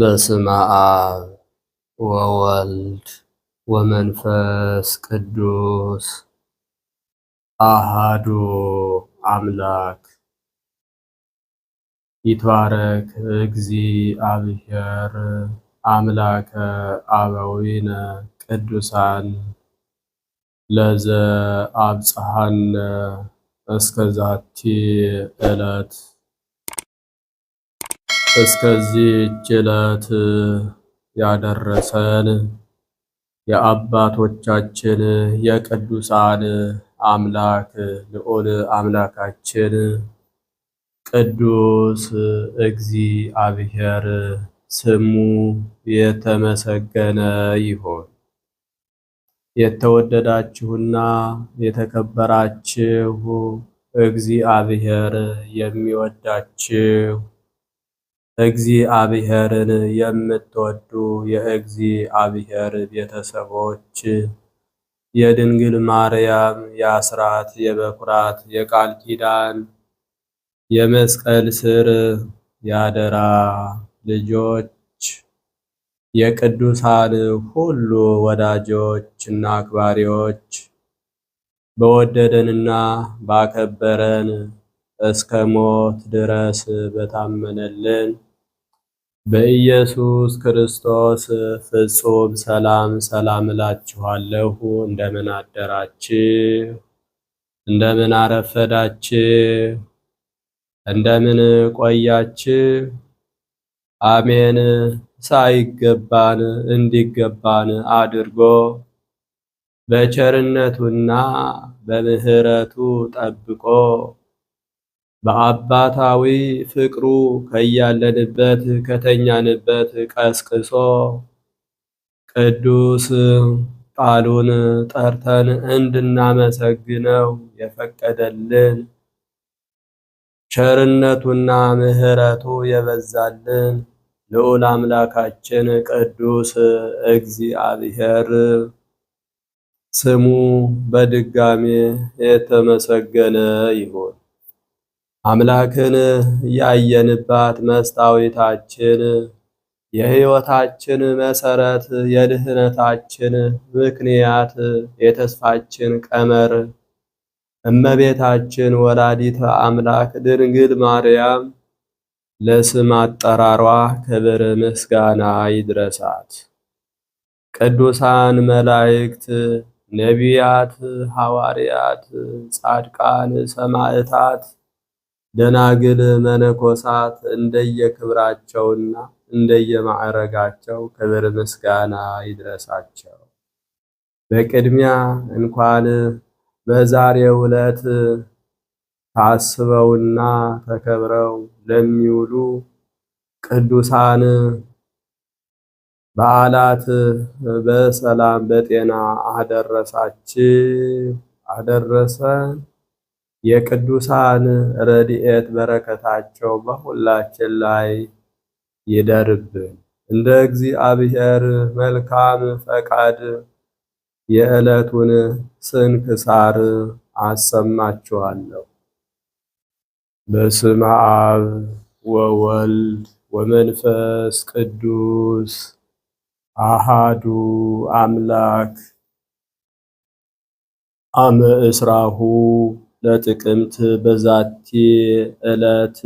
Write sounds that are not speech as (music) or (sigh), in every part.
በስመ አብ ወወልድ ወመንፈስ ቅዱስ አሃዱ አምላክ። ይትባረክ እግዚአብሔር አምላከ አበዊነ ቅዱሳን ለዘ አብጽሐነ እስከዛቲ ዕለት እስከዚህ ዕለት ያደረሰን የአባቶቻችን የቅዱሳን አምላክ ልዑል አምላካችን ቅዱስ እግዚአብሔር ስሙ የተመሰገነ ይሁን። የተወደዳችሁና የተከበራችሁ እግዚአብሔር የሚወዳችሁ እግዚአብሔርን የምትወዱ የእግዚአብሔር ቤተሰቦች የድንግል ማርያም የአስራት የበኩራት የቃል ኪዳን የመስቀል ስር የአደራ ልጆች የቅዱሳን ሁሉ ወዳጆች እና አክባሪዎች በወደደንና ባከበረን እስከ ሞት ድረስ በታመነልን በኢየሱስ ክርስቶስ ፍጹም ሰላም ሰላም እላችኋለሁ። እንደምን አደራችሁ? እንደምን አረፈዳችሁ? እንደምን ቆያችሁ? አሜን። ሳይገባን እንዲገባን አድርጎ በቸርነቱና በምሕረቱ ጠብቆ በአባታዊ ፍቅሩ ከያለንበት ከተኛንበት ቀስቅሶ ቅዱስ ቃሉን ጠርተን እንድናመሰግነው የፈቀደልን ቸርነቱና ምሕረቱ የበዛልን ልዑል አምላካችን ቅዱስ እግዚአብሔር ስሙ በድጋሜ የተመሰገነ ይሁን። አምላክን ያየንባት መስታወታችን የሕይወታችን መሰረት የድህነታችን ምክንያት የተስፋችን ቀመር እመቤታችን ወላዲተ አምላክ ድንግል ማርያም ለስም አጠራሯ ክብር ምስጋና ይድረሳት። ቅዱሳን መላእክት፣ ነቢያት፣ ሐዋርያት፣ ጻድቃን፣ ሰማዕታት ደናግል መነኮሳት እንደየክብራቸውና እንደየማዕረጋቸው ክብር ምስጋና ይድረሳቸው። በቅድሚያ እንኳን በዛሬው ዕለት ታስበውና ተከብረው ለሚውሉ ቅዱሳን በዓላት በሰላም በጤና አደረሳችሁ አደረሰን። የቅዱሳን ረድኤት በረከታቸው በሁላችን ላይ ይደርብን። እንደ እግዚአብሔር መልካም ፈቃድ የዕለቱን ስንክሳር አሰማችኋለሁ። በስመ አብ ወወልድ ወመንፈስ ቅዱስ አሃዱ አምላክ አመ እስራሁ ለጥቅምት በዛቲ ዕለት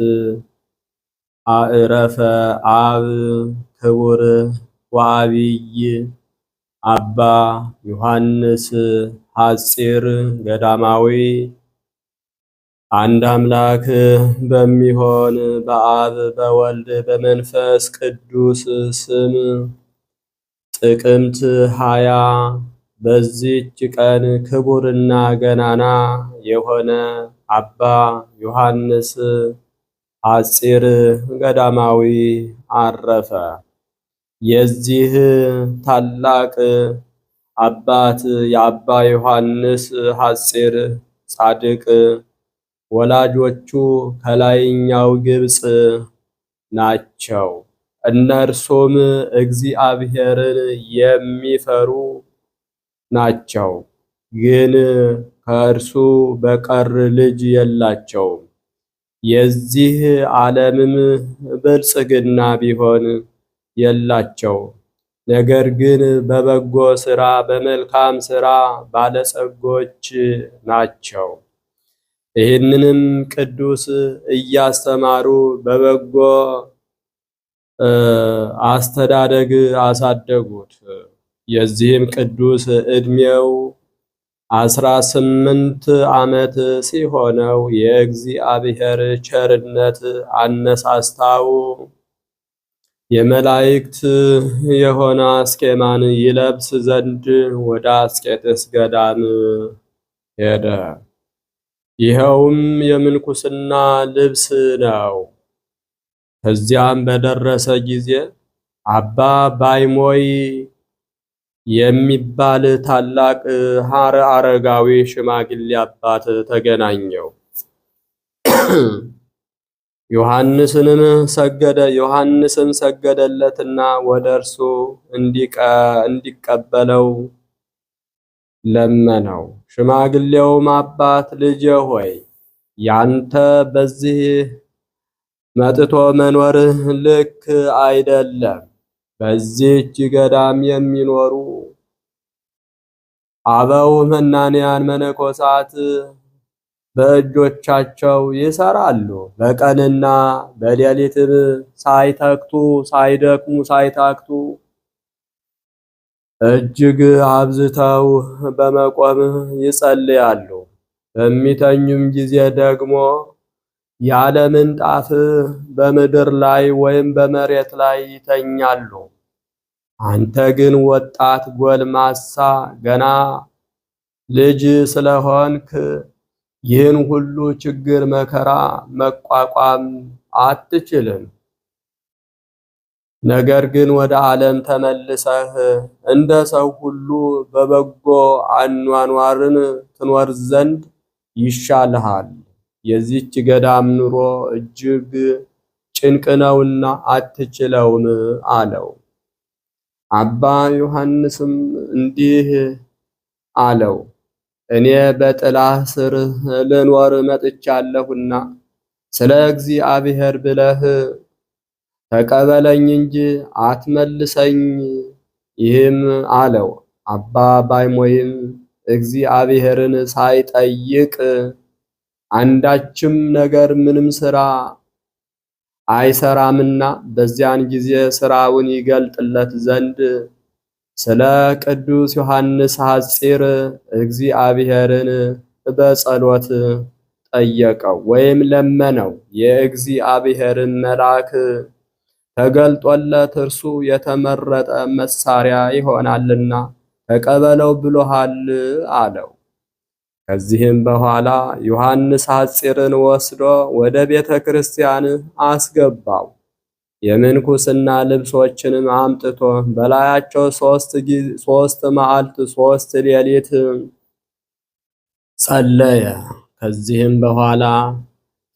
አዕረፈ አብ ክቡር ወአቢይ አባ ዮሐንስ ሐጺር ገዳማዊ። አንድ አምላክ በሚሆን በአብ በወልድ በመንፈስ ቅዱስ ስም ጥቅምት ሃያ በዚች ቀን ክቡርና ገናና የሆነ አባ ዮሐንስ ሐጺር ገዳማዊ አረፈ። የዚህ ታላቅ አባት የአባ ዮሐንስ ሐጺር ጻድቅ ወላጆቹ ከላይኛው ግብፅ ናቸው። እነርሱም እግዚአብሔርን የሚፈሩ ናቸው፣ ግን ከእርሱ በቀር ልጅ የላቸውም። የዚህ ዓለምም ብልጽግና ቢሆን የላቸው። ነገር ግን በበጎ ሥራ በመልካም ሥራ ባለጸጎች ናቸው። ይህንንም ቅዱስ እያስተማሩ በበጎ አስተዳደግ አሳደጉት። የዚህም ቅዱስ ዕድሜው አስራ ስምንት ዓመት ሲሆነው የእግዚአብሔር ቸርነት አነሳስታው የመላእክት የሆነ አስኬማን ይለብስ ዘንድ ወደ አስቄጥስ ገዳም ሄደ። ይኸውም የምንኩስና ልብስ ነው። ከዚያም በደረሰ ጊዜ አባ ባይሞይ የሚባል ታላቅ ሐረ አረጋዊ ሽማግሌ አባት ተገናኘው። ዮሐንስንም ሰገደ ዮሐንስን ሰገደለትና ወደ እርሱ እንዲቀበለው ለመነው። ሽማግሌውም አባት ልጄ ሆይ ያንተ በዚህ መጥቶ መኖርህ ልክ አይደለም በዚህች ገዳም የሚኖሩ አበው መናንያን መነኮሳት በእጆቻቸው ይሰራሉ። በቀንና በሌሊትም ሳይተክቱ ሳይደክሙ ሳይታክቱ እጅግ አብዝተው በመቆም ይጸልያሉ። በሚተኙም ጊዜ ደግሞ ያለ ምንጣፍ በምድር ላይ ወይም በመሬት ላይ ይተኛሉ። አንተ ግን ወጣት ጎልማሳ ገና ልጅ ስለሆንክ ይህን ሁሉ ችግር መከራ መቋቋም አትችልም። ነገር ግን ወደ ዓለም ተመልሰህ እንደ ሰው ሁሉ በበጎ አኗኗርን ትኖር ዘንድ ይሻልሃል። የዚህች ገዳም ኑሮ እጅግ ጭንቅ ነውና አትችለውም አለው። አባ ዮሐንስም እንዲህ አለው፣ እኔ በጥላ ስር ልኖር መጥቻለሁና ስለ እግዚአብሔር ብለህ ተቀበለኝ እንጂ አትመልሰኝ። ይህም አለው አባ ባይሞይም እግዚአብሔርን ሳይጠይቅ አንዳችም ነገር ምንም ስራ አይሰራምና በዚያን ጊዜ ስራውን ይገልጥለት ዘንድ ስለ ቅዱስ ዮሐንስ እግዚ እግዚአብሔርን በጸሎት ጠየቀው ወይም ለመነው። የእግዚአብሔርን መልአክ ተገልጦለት እርሱ የተመረጠ መሳሪያ ይሆናልና ተቀበለው ብሎሃል አለው። ከዚህም በኋላ ዮሐንስ ሐፂርን ወስዶ ወደ ቤተ ክርስቲያን አስገባው። የምንኩስና ልብሶችንም አምጥቶ በላያቸው ሶስት መዓልት ሶስት ሌሊት ጸለየ። ከዚህም በኋላ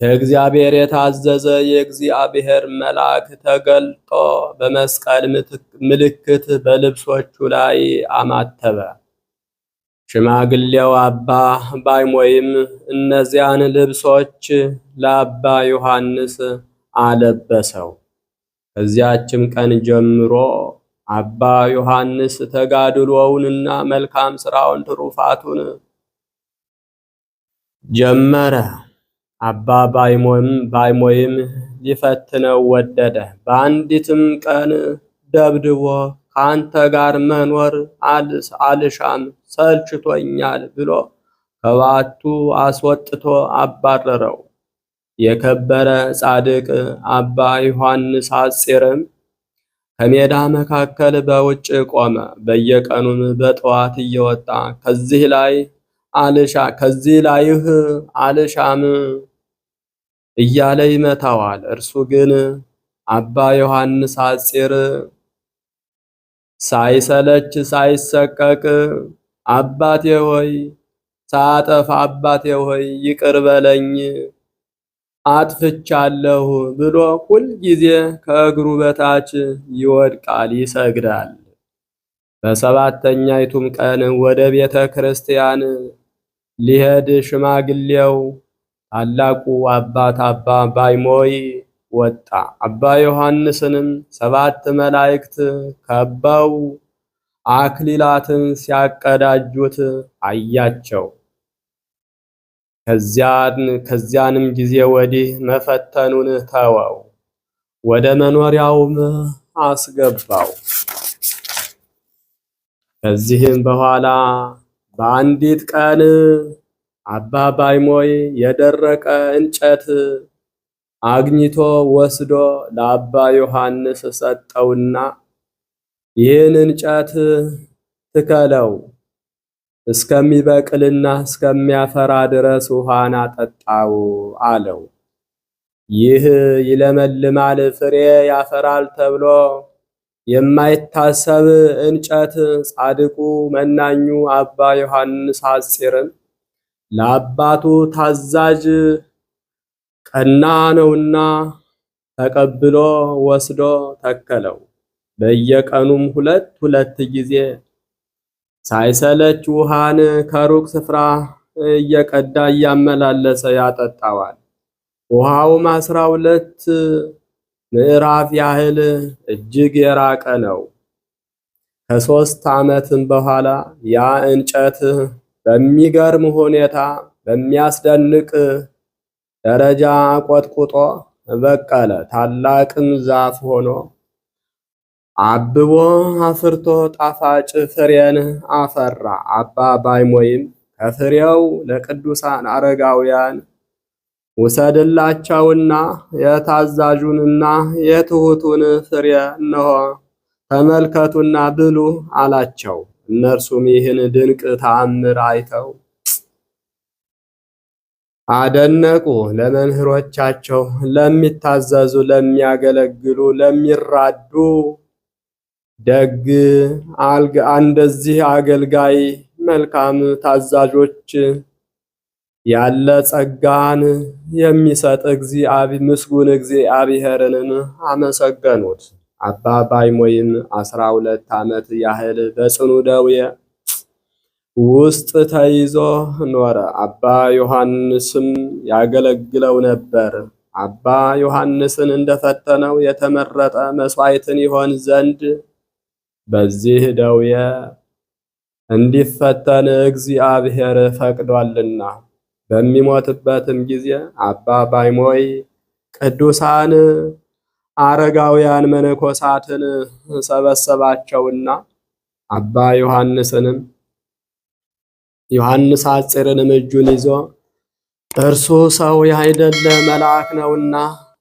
ከእግዚአብሔር የታዘዘ የእግዚአብሔር መልአክ ተገልጦ በመስቀል ምልክት በልብሶቹ ላይ አማተበ። ሽማግሌው አባ ባይሞይም እነዚያን ልብሶች ለአባ ዮሐንስ አለበሰው። ከዚያችም ቀን ጀምሮ አባ ዮሐንስ ተጋድሎውንና መልካም ስራውን ትሩፋቱን ጀመረ። አባ ባይሞይም ሊፈትነው ወደደ። በአንዲትም ቀን ደብድቦ ከአንተ ጋር መኖር አልሻም ሰልችቶኛል ብሎ ከባቱ አስወጥቶ አባረረው። የከበረ ጻድቅ አባ ዮሐንስ አጽርም ከሜዳ መካከል በውጭ ቆመ። በየቀኑም በጠዋት እየወጣ ከዚህ ላይ አልሻ ከዚህ ላይህ አልሻም እያለ ይመታዋል። እርሱ ግን አባ ዮሐንስ አጽር ሳይሰለች ሳይሰቀቅ አባቴ ሆይ ሳጠፍ አባቴ ሆይ ይቅር በለኝ አጥፍቻለሁ ብሎ ጊዜ ከእግሩ በታች ይወድቃል፣ ይሰግዳል። በሰባተኛይቱም ቀን ወደ ቤተ ክርስቲያን ሊሄድ ሽማግሌው ታላቁ አባት አባ ባይሞይ ወጣ። አባ ዮሐንስንም ሰባት መላእክት ከበው አክሊላትን ሲያቀዳጁት አያቸው። ከዚያንም ጊዜ ወዲህ መፈተኑን ተወው፣ ወደ መኖሪያውም አስገባው። ከዚህም በኋላ በአንዲት ቀን አባ ባይሞይ የደረቀ እንጨት አግኝቶ ወስዶ ለአባ ዮሐንስ ሰጠውና ይህን እንጨት ትከለው እስከሚበቅልና እስከሚያፈራ ድረስ ውሃን አጠጣው አለው። ይህ ይለመልማል፣ ፍሬ ያፈራል ተብሎ የማይታሰብ እንጨት ጻድቁ መናኙ አባ ዮሐንስ ሐጺርን ለአባቱ ታዛዥ ቀና ነውና ተቀብሎ ወስዶ ተከለው። በየቀኑም ሁለት ሁለት ጊዜ ሳይሰለች ውሃን ከሩቅ ስፍራ እየቀዳ እያመላለሰ ያጠጣዋል። ውሃውም አስራ ሁለት ምዕራፍ ያህል እጅግ የራቀ ነው። ከሶስት ዓመትም በኋላ ያ እንጨት በሚገርም ሁኔታ በሚያስደንቅ ደረጃ ቆጥቁጦ በቀለ ታላቅም ዛፍ ሆኖ አብቦ አፍርቶ ጣፋጭ ፍሬን አፈራ። አባ ባይሞይም ከፍሬው ለቅዱሳን አረጋውያን ውሰድላቸውና የታዛዡንና የትሁቱን ፍሬ እነሆ ተመልከቱና ብሉ አላቸው። እነርሱም ይህን ድንቅ ተአምር አይተው አደነቁ ለመምህሮቻቸው ለሚታዘዙ ለሚያገለግሉ ለሚራዱ ደግ አልጋ እንደዚህ አገልጋይ መልካም ታዛዦች ያለ ጸጋን የሚሰጥ እግዚአብ ምስጉን እግዚአብሔርንም አመሰገኑት። አባ ባይሞይም አስራ ሁለት ዓመት ያህል በጽኑ ደዌ ውስጥ ተይዞ ኖረ። አባ ዮሐንስም ያገለግለው ነበር። አባ ዮሐንስን እንደፈተነው የተመረጠ መስዋዕትን ይሆን ዘንድ በዚህ ደውየ እንዲፈተን እግዚአብሔር ፈቅዷልና። በሚሞትበትም ጊዜ አባ ባይሞይ ቅዱሳን አረጋውያን መነኮሳትን ሰበሰባቸውና አባ ዮሐንስንም ዮሐንስ አጽርንም እጁን ይዞ እርሱ ሰው ያይደለ መልአክ ነውና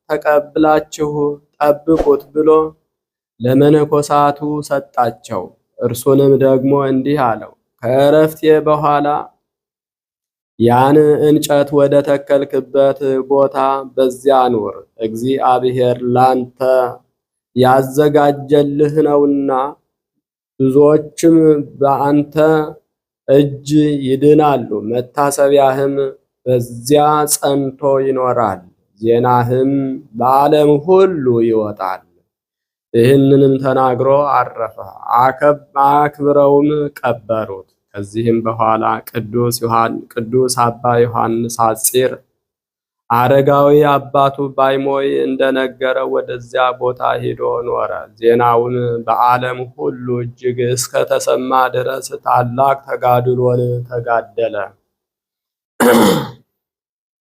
ተቀብላችሁ ጠብቁት ብሎ ለመነኮሳቱ ሰጣቸው። እርሱንም ደግሞ እንዲህ አለው፣ ከእረፍቴ በኋላ ያን እንጨት ወደ ተከልክበት ቦታ በዚያ ኑር፣ እግዚአብሔር ላንተ ያዘጋጀልህ ነውና ብዙዎችም በአንተ እጅ ይድናሉ፣ መታሰቢያህም በዚያ ጸንቶ ይኖራል፣ ዜናህም በዓለም ሁሉ ይወጣል። ይህንንም ተናግሮ አረፈ፣ አክብረውም ቀበሩት። ከዚህም በኋላ ቅዱስ አባ ዮሐንስ ሐጺር አረጋዊ አባቱ ባይሞይ እንደነገረው ወደዚያ ቦታ ሄዶ ኖረ። ዜናውን በዓለም ሁሉ እጅግ እስከተሰማ ድረስ ታላቅ ተጋድሎን ተጋደለ። (clears throat)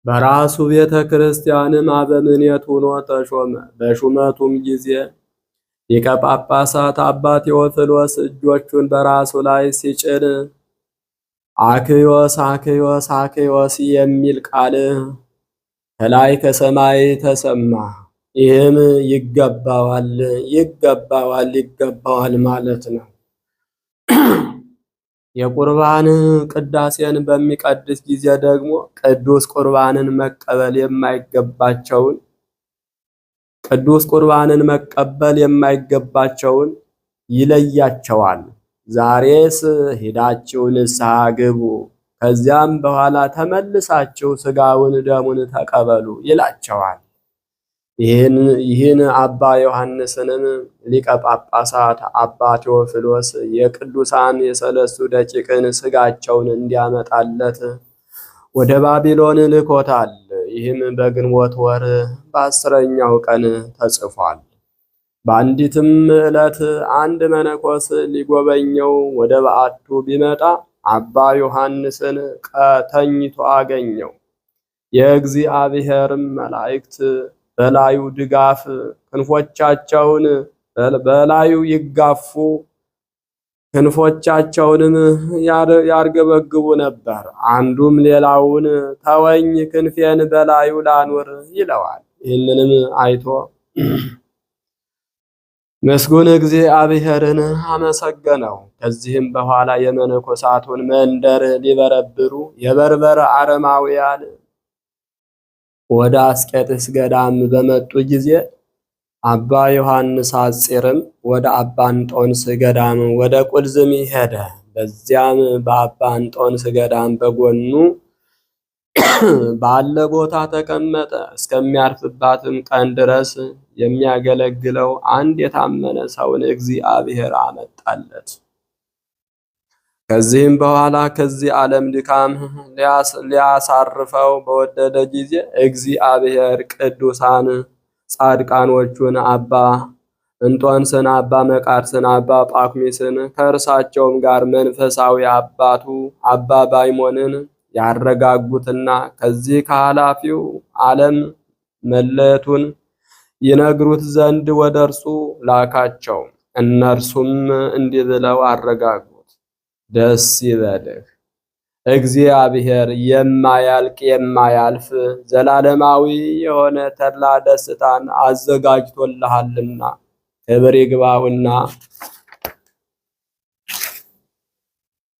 በራሱ ቤተ ክርስቲያንም አበምኔት ሆኖ ተሾመ። በሹመቱም ጊዜ ሊቀ ጳጳሳት አባ ቴዎፍሎስ እጆቹን በራሱ ላይ ሲጭን አክዮስ አክዮስ አክዮስ የሚል ቃል ከላይ ከሰማይ ተሰማ። ይህም ይገባዋል ይገባዋል ይገባዋል ማለት ነው። (clears throat) የቁርባን ቅዳሴን በሚቀድስ ጊዜ ደግሞ ቅዱስ ቁርባንን መቀበል የማይገባቸውን ቅዱስ ቁርባንን መቀበል የማይገባቸውን ይለያቸዋል። ዛሬስ ሂዳችሁ ንስሐ ግቡ ከዚያም በኋላ ተመልሳችሁ ስጋውን ደሙን ተቀበሉ ይላቸዋል። ይህን አባ ዮሐንስንም ሊቀ ጳጳሳት አባ ቴዎፍሎስ የቅዱሳን የሰለስቱ ደቂቅን ስጋቸውን እንዲያመጣለት ወደ ባቢሎን ልኮታል። ይህም በግንቦት ወር በአስረኛው ቀን ተጽፏል። በአንዲትም ዕለት አንድ መነኮስ ሊጎበኘው ወደ በዓቱ ቢመጣ አባ ዮሐንስን ቀተኝቶ አገኘው። የእግዚአብሔርም መላእክት በላዩ ድጋፍ ክንፎቻቸውን በላዩ ይጋፉ ክንፎቻቸውንም ያርገበግቡ ነበር። አንዱም ሌላውን ተወኝ ክንፌን በላዩ ላኑር ይለዋል። ይህንንም አይቶ ምስጉን አብሔርን አመሰገነው። ከዚህም በኋላ የመነኮሳቱን መንደር ሊበረብሩ የበርበር አረማውያን ወደ አስቄጥስ ገዳም በመጡ ጊዜ አባ ዮሐንስ አጽርም ወደ አባ እንጦንስ ገዳም ወደ ቁልዝም ሄደ። በዚያም በአባ እንጦንስ ገዳም በጎኑ ባለ ቦታ ተቀመጠ። እስከሚያርፍባትም ቀን ድረስ የሚያገለግለው አንድ የታመነ ሰውን እግዚአብሔር አመጣለት። ከዚህም በኋላ ከዚህ ዓለም ድካም ሊያሳርፈው በወደደ ጊዜ እግዚአብሔር ቅዱሳን ጻድቃኖቹን አባ እንጦንስን፣ አባ መቃርስን፣ አባ ጳኩሚስን ከእርሳቸውም ጋር መንፈሳዊ አባቱ አባ ባይሞንን ያረጋጉትና ከዚህ ከኃላፊው ዓለም መለየቱን ይነግሩት ዘንድ ወደ እርሱ ላካቸው። እነርሱም እንዲህ ብለው አረጋጉት፣ ደስ ይበልህ እግዚአብሔር የማያልቅ የማያልፍ ዘላለማዊ የሆነ ተድላ ደስታን አዘጋጅቶልሃልና ክብር ይግባውና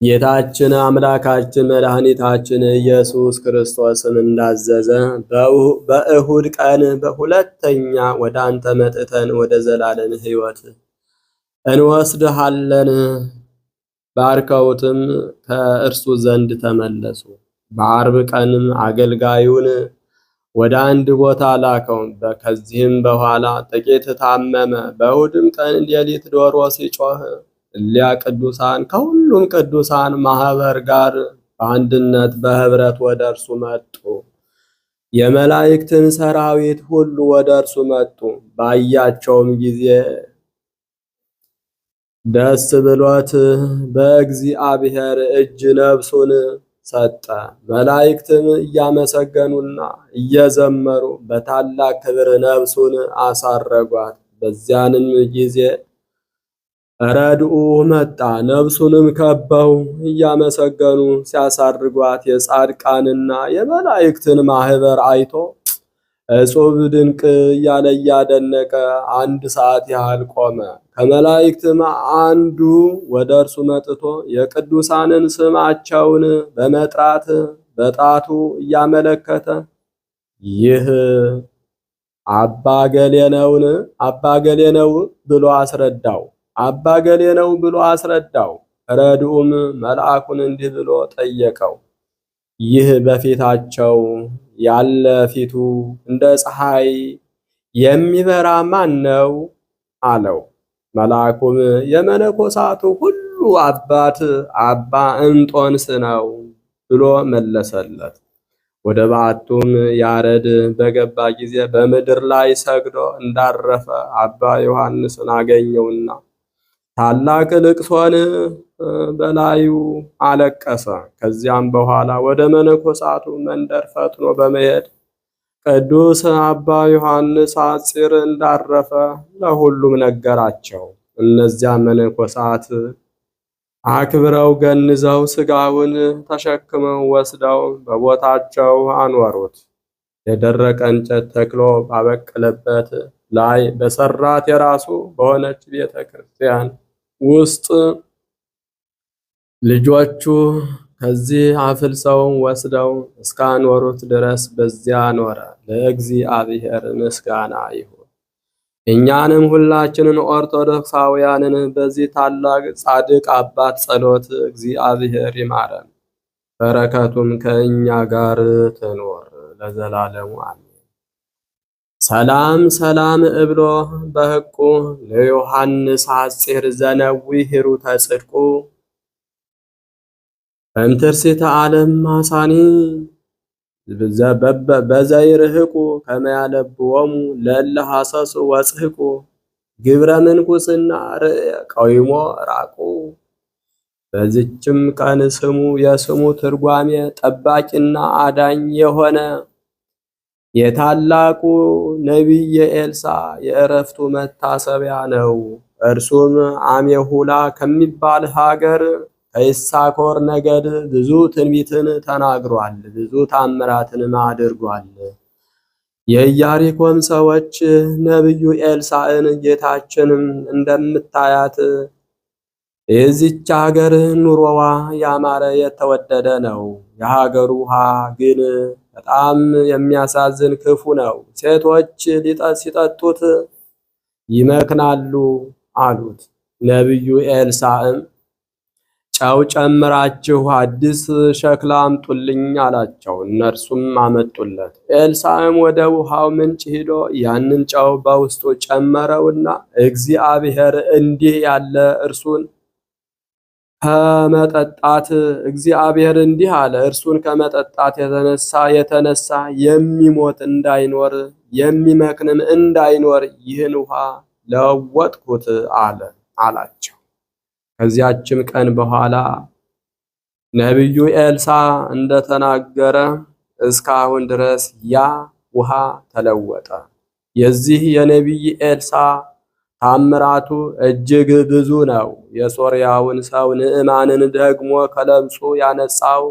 ጌታችን አምላካችን መድኃኒታችን ኢየሱስ ክርስቶስም እንዳዘዘ በእሁድ ቀን በሁለተኛ ወደ አንተ መጥተን ወደ ዘላለም ሕይወት እንወስድሃለን። ባርከውትም ከእርሱ ዘንድ ተመለሱ። በአርብ ቀንም አገልጋዩን ወደ አንድ ቦታ ላከው። ከዚህም በኋላ ጥቂት ታመመ። በእሁድም ቀን ሌሊት ዶሮ ሲጮህ እሊያ ቅዱሳን ከሁሉም ቅዱሳን ማህበር ጋር በአንድነት በህብረት ወደ እርሱ መጡ። የመላእክትን ሰራዊት ሁሉ ወደ እርሱ መጡ። ባያቸውም ጊዜ ደስ ብሎት በእግዚአብሔር እጅ ነፍሱን ሰጠ። መላእክትም እያመሰገኑና እየዘመሩ በታላቅ ክብር ነፍሱን አሳረጓት። በዚያንም ጊዜ ረድኡ መጣ ነፍሱንም ከበው እያመሰገኑ ሲያሳርጓት የጻድቃንና የመላእክትን ማህበር አይቶ እጹብ ድንቅ እያለ እያደነቀ አንድ ሰዓት ያህል ቆመ። ከመላእክትም አንዱ ወደ እርሱ መጥቶ የቅዱሳንን ስማቸውን በመጥራት በጣቱ እያመለከተ ይህ አባ ገሌ ነውን አባ ገሌ ነው ብሎ አስረዳው። አባ ገሌ ነው ብሎ አስረዳው። ረድኡም መልአኩን እንዲህ ብሎ ጠየቀው፣ ይህ በፊታቸው ያለ ፊቱ እንደ ፀሐይ የሚበራ ማን ነው አለው። መልአኩም የመነኮሳቱ ሁሉ አባት አባ እንጦንስ ነው ብሎ መለሰለት። ወደ በዓቱም ያረድ በገባ ጊዜ በምድር ላይ ሰግዶ እንዳረፈ አባ ዮሐንስን አገኘውና ታላቅ ልቅሶን በላዩ አለቀሰ። ከዚያም በኋላ ወደ መነኮሳቱ መንደር ፈጥኖ በመሄድ ቅዱስ አባ ዮሐንስ ሐጺር እንዳረፈ ለሁሉም ነገራቸው። እነዚያ መነኮሳት አክብረው ገንዘው ስጋውን ተሸክመው ወስደው በቦታቸው አኖሩት። የደረቀ እንጨት ተክሎ ባበቀለበት ላይ በሰራት የራሱ በሆነች ቤተ ክርስቲያን ውስጥ ልጆቹ ከዚህ አፍልሰው ወስደው እስካኖሩት ድረስ በዚያ ኖረ። ለእግዚአብሔር ምስጋና ይሁን። እኛንም ሁላችንን ኦርቶዶክሳውያንን በዚህ ታላቅ ጻድቅ አባት ጸሎት እግዚአብሔር ይማረን፣ በረከቱም ከእኛ ጋር ትኖር ለዘላለሙ አሜን። ሰላም ሰላም እብሎ በሕቁ ለዮሐንስ ሐጺር ዘነዊሂሩ ተጽድቁ እምትርሲተ ዓለም ማሳኒ በዘይርህቁ ከመያለብዎሙ ለእለ ሐሰሱ ግብረ ምንኩስና ርእየ ቀዊሞ ራቁ። በዚችም ቀን ስሙ የስሙ ትርጓሜ ጠባቂና አዳኝ የሆነ የታላቁ ነቢይ ኤልሳ የእረፍቱ መታሰቢያ ነው። እርሱም አሜሁላ ከሚባል ሀገር ከይሳኮር ነገድ ብዙ ትንቢትን ተናግሯል፣ ብዙ ታምራትንም አድርጓል። የኢያሪኮም ሰዎች ነቢዩ ኤልሳዕን ጌታችንም እንደምታያት የዚች ሀገር ኑሮዋ ያማረ የተወደደ ነው፣ የሀገሩ ውሃ ግን በጣም የሚያሳዝን ክፉ ነው። ሴቶች ሲጠጡት ይመክናሉ አሉት። ነቢዩ ኤልሳዕም ጨው ጨምራችሁ አዲስ ሸክላ አምጡልኝ አላቸው። እነርሱም አመጡለት። ኤልሳዕም ወደ ውሃው ምንጭ ሂዶ ያንን ጨው በውስጡ ጨመረውና እግዚአብሔር እንዲህ ያለ እርሱን ከመጠጣት እግዚአብሔር እንዲህ አለ፣ እርሱን ከመጠጣት የተነሳ የተነሳ የሚሞት እንዳይኖር የሚመክንም እንዳይኖር ይህን ውሃ ለወጥኩት አለ አላቸው። ከዚያችም ቀን በኋላ ነቢዩ ኤልሳ እንደተናገረ እስካሁን ድረስ ያ ውሃ ተለወጠ። የዚህ የነቢይ ኤልሳ ታምራቱ እጅግ ብዙ ነው። የሶርያውን ሰው ንዕማንን ደግሞ ከለምጹ ያነጻው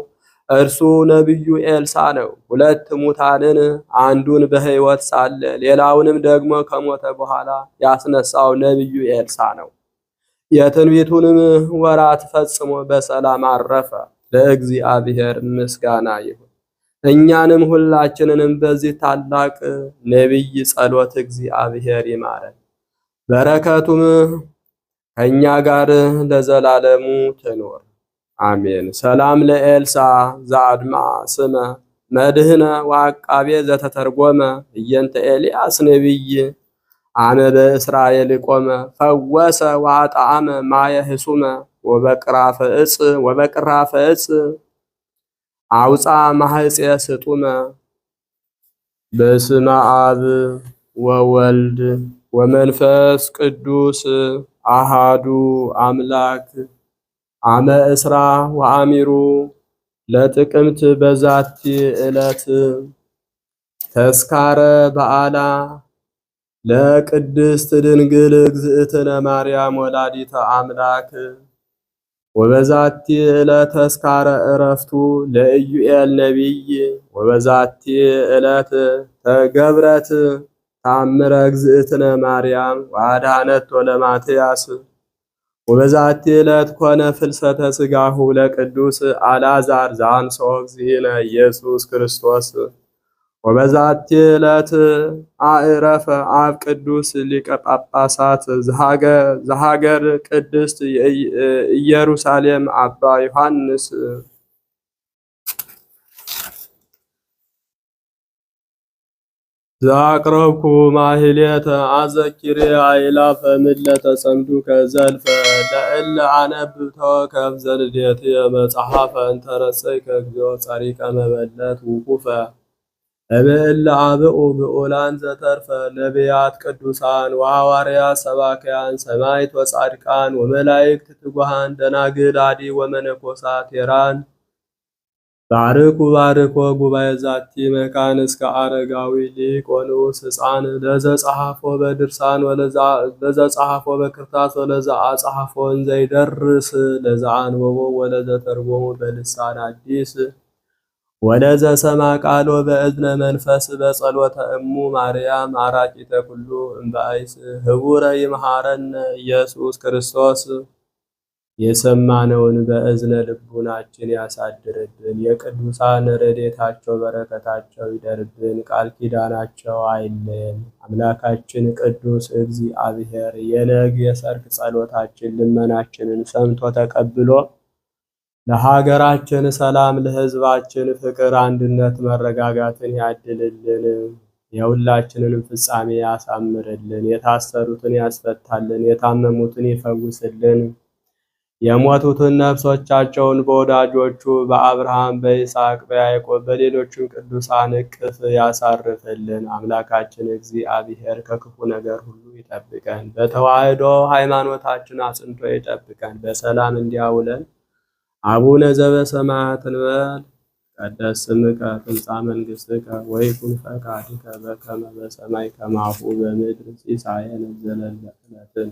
እርሱ ነቢዩ ኤልሳ ነው። ሁለት ሙታንን አንዱን በሕይወት ሳለ ሌላውንም ደግሞ ከሞተ በኋላ ያስነሳው ነቢዩ ኤልሳ ነው። የትንቢቱንም ወራት ፈጽሞ በሰላም አረፈ። ለእግዚአብሔር ምስጋና ይሁን። እኛንም ሁላችንንም በዚህ ታላቅ ነቢይ ጸሎት እግዚአብሔር ይማረን። በረከቱም ከእኛ ጋር ለዘላለሙ ትኖር አሜን። ሰላም ለኤልሳ ዛድማ ስመ መድህነ ወአቃቤ ዘተተርጎመ እየንተ ኤልያስ ነቢይ አነ በእስራኤል ቆመ ፈወሰ ወአጣዕመ ማየ ህሱመ ወበቅራፈ እጽ ወበቅራፈ እጽ አውፃ ማህፄ ስጡመ በስመ አብ ወወልድ ወመንፈስ ቅዱስ አሃዱ አምላክ አመ እስራ ወአሚሩ ለጥቅምት በዛቲ ዕለት ተስካረ በዓላ ለቅድስት ድንግል እግዝእትነ ማርያም ወላዲተ አምላክ ወበዛቲ ዕለት ተስካረ እረፍቱ ለኢዩኤል ነቢይ ወበዛቲ ዕለት ተገብረት ተአምረ እግዝእትነ ማርያም ወአድኃነቶ ለማትያስ ወበዛቲ ዕለት ኮነ ፍልሰተ ስጋሁ ለቅዱስ አልዓዛር ዘአንሥኦ እግዚእነ ኢየሱስ ክርስቶስ ወበዛቲ ዕለት አእረፈ አብ ቅዱስ ሊቀ ጳጳሳት ዘሀገር ቅድስት ኢየሩሳሌም አባ ዮሐንስ ዛቅረብኩ ማህሌተ አዘኪሪ አይላ ፈምለ ሰንዱከ ከዘልፈ ለእለ አነብብ ተወከብ ዘልደት መጽሐፈ እንተረሰይ እግዚኦ ጸሪቀ መበለት ውቁፈ እብእለ አብኡ ብኡላን ዘተርፈ ነቢያት ቅዱሳን ወሐዋርያ ሰባክያን ሰማይት ወጻድቃን ወመላይክት ትጉሃን ደናግል አዲ ወመነኮሳት ቴራን ባርኩ ባርኮ ጉባኤ ዛቲ መካን እስከ አረጋዊ ሊቆንስ ሕፃን ለዘ ጸሐፎ በድርሳን ለዘ ጸሐፎ በክርታስ ወለዘ አጸሐፎ እንዘይደርስ ለዘ አንበቦ ወለዘ ተርጎሙ በልሳን አዲስ ወለዘ ሰማ ቃሎ በእዝነ መንፈስ በጸሎተ እሙ ማርያም አራቂተ ኩሉ እምበአይስ ህቡረ ይምሃረነ ኢየሱስ ክርስቶስ የሰማነውን በእዝነ ልቡናችን ያሳድርብን። የቅዱሳን ረዴታቸው በረከታቸው ይደርብን። ቃል ኪዳናቸው አይለየን። አምላካችን ቅዱስ እግዚአብሔር የነግ የሰርክ ጸሎታችን ልመናችንን ሰምቶ ተቀብሎ ለሀገራችን ሰላም፣ ለሕዝባችን ፍቅር፣ አንድነት፣ መረጋጋትን ያድልልን። የሁላችንንም ፍጻሜ ያሳምርልን። የታሰሩትን ያስፈታልን። የታመሙትን ይፈውስልን። የሞቱትን ነፍሶቻቸውን በወዳጆቹ በአብርሃም በይስሐቅ በያዕቆብ በሌሎችም ቅዱሳን እቅፍ ያሳርፍልን። አምላካችን እግዚአብሔር ከክፉ ነገር ሁሉ ይጠብቀን፣ በተዋህዶ ሃይማኖታችን አጽንቶ ይጠብቀን፣ በሰላም እንዲያውለን። አቡነ ዘበሰማያት እንበል። ቀደስ ስምከ ትምጻእ መንግሥትከ ወይኩን ፈቃድከ በከመ በሰማይ ከማሁ በምድር ሲሳየነ ዘለለዕለትነ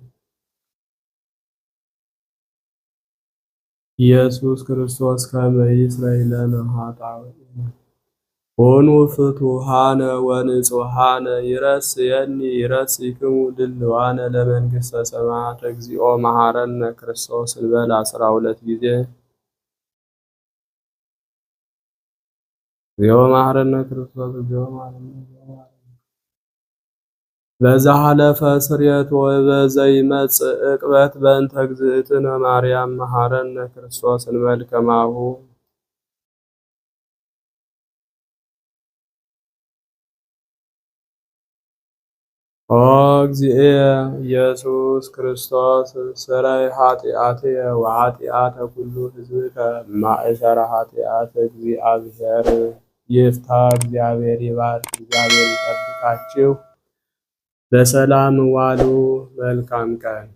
ኢየሱስ ክርስቶስ ከመ ይስረይ ለነ ሆኑ ፍቱሃነ ወንጹሃነ ይረስየኒ ይረስይክሙ ድልዋነ ለመንግሥተ ሰማያት እግዚኦ መሐረነ ክርስቶስ እንበል አስራ ሁለት ጊዜ እግዚኦ መሐረነ ክርስቶስ እግዚኦ መሐረነ በዛሐለፈ ስርየት ወበዘ ይመጽእ በእንተ እግዝእትነ ማርያም መሐረነ ክርስቶስ እንበል ኦ እግዚእየ ኢየሱስ ክርስቶስ ስረይ ኃጢአትየ ወኃጢአተ ኩሉ ህዝብከ ማእሰረ ኃጢአት እግዚአብሔር ይፍታ። እግዚአብሔር ይባርክ። እግዚአብሔር ይጠብቃችሁ። በሰላም ዋሉ። መልካም ቀን